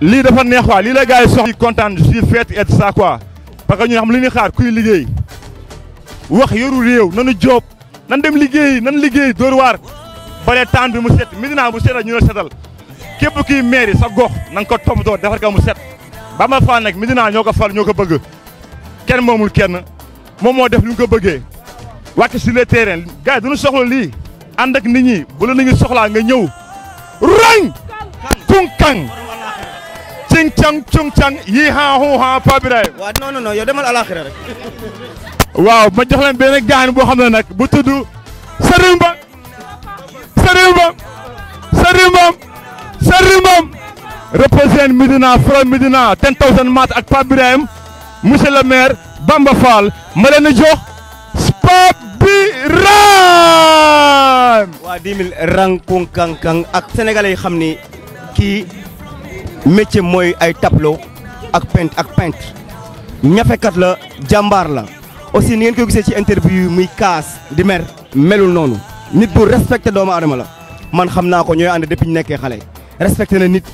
lii dafa neex waa lii la gars yi yi kontaan si fête et ça quoi parce que ñu xam li ñuy xaar kuy liggéey wax yoru réew nanu joob nan dem liggéey nan liggéey dóor waar bare taan bi mu set Médina bu set ñu la setal képp kii mairie sa gox na ko toppatoo defar ka mu set Bamba Fall nag Médina ñoo ko fal ñoo ko bëgg kenn moomul kenn moom moo def lu ñu ko bëggee wàcc si le terrain gars yi duñu soxla lii ànd ak ni ñi bu la nit ñi soxlaa nga ñëw cang cung cang yii xaa xuu xaa Pape Birahim. waaw non yow demal alaxira rek. waaw ma jox leen benn le maire Bamba Fall ma leen jox Pape waa 10 rang kuŋ kaŋ kaŋ ak sénégalais xam ni kii. métier moy ay tableau ak peintre ak peintre la quatre la aussi ni ngeen koy gissé ci interview interviewé, muy kaas di mer melul nit bu respecté man ko depuis na nit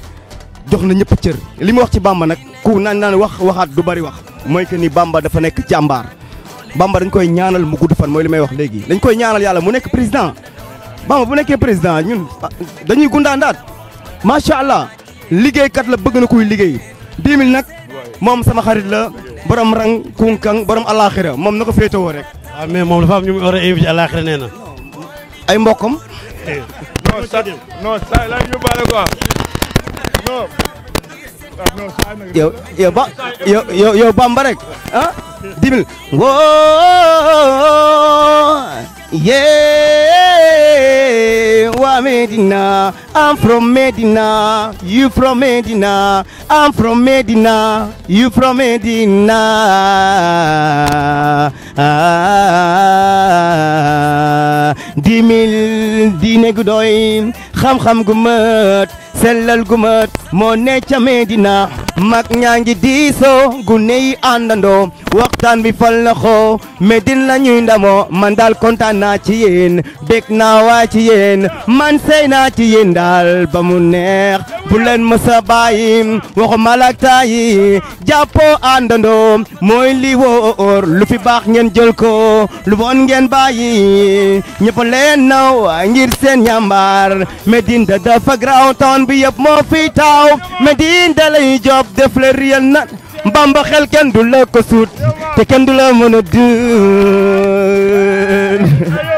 jox Bamba que ni Bamba dafa nekk Bamba dañ koy ñaanal mu gudd fan moy limay wax légui dañ koy président Bamba bu président ñun ah, liggéeykat la bëgg na kuy liggéey 10 000 moom sama xarit la borom rang kunkang borom alaxira moom na ko féetewoo rek. waaw ah, moom dafa am ñu mu war a invité nee na. ay mbokkam. non yow yow ba rek ah woo Medina. I'm from Medina. You dimil diine gu xam-xam gu sellal gu mat moo ne mag ñaa ngi diisoo gune yi àndandoo waxtaan bi fal na xoo Médine la ñuy ndamoo man daal kontaan naa ci yéen bég naa waa ci yéen man sey naa ci yéen daal ba mu neex bu leen mësa bàyyi waxu malakta yi jàppoo àndandoo mooy li wóor lu fi baax ngeen jël ko lu bon ngeen bàyyi ñëpp leen naw ngir seen yàmbaar Médine da dafa graw town bi yëpp moo fi taw Médine da lay job bopp def la riyal na mbamba xel kenn du la suut te kenn du la mën a dund